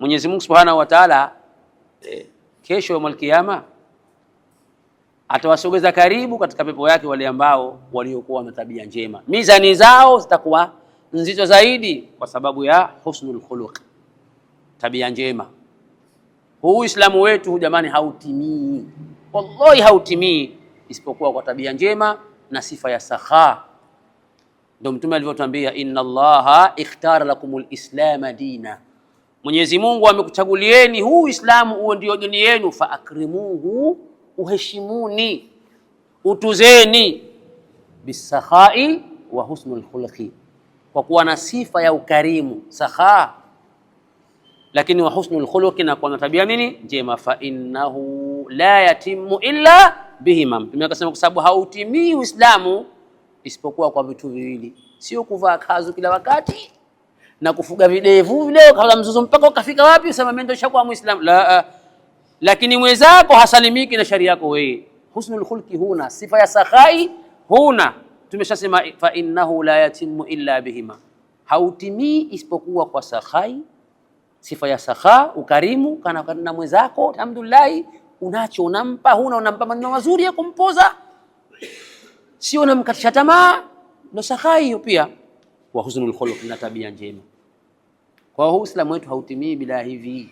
Mwenyezi Mungu Subhanahu wa Ta'ala kesho ya Kiyama atawasogeza karibu katika pepo yake wale ambao waliokuwa na tabia njema, mizani zao zitakuwa nzito zaidi kwa sababu ya husnul khuluq, tabia njema. Huu Uislamu wetu huu jamani, hautimii wallahi, hautimii isipokuwa kwa tabia njema na sifa ya sakha. Ndio Mtume alivyotuambia, inna Allaha ikhtara lakumul islama dina Mwenyezi Mungu amekuchagulieni huu Uislamu, huo ndio dini yenu, fa akrimuhu, uheshimuni, utuzeni, bisakhai wa husnul khulqi, kwa kuwa na sifa ya ukarimu sakha, lakini wa husnul khulqi, na kuwa na tabia nini njema, fa innahu la yatimu illa bihima. Mtume akasema kwa sababu hautimii Uislamu isipokuwa kwa vitu viwili, sio kuvaa kazu kila wakati na kufuga videvu video, kabla mzuzu mpaka ukafika wapi, usema mimi ndio shakuwa muislam la. uh, Lakini mwenzako hasalimiki na sharia yako wewe. Husnul khulqi huna sifa ya sakhai huna, tumeshasema fa innahu la yatimu illa bihima, hautimii isipokuwa kwa sakhai, sifa ya sakha, ukarimu kana na mwenzako. Alhamdulillah, unacho unampa, huna unampa maneno mazuri ya kumpoza, sio unamkatisha tamaa, ndo sakhai hiyo pia. Wa husnul khulqi na tabia njema kwa hiyo huu Uislamu wetu hautimii bila hivi.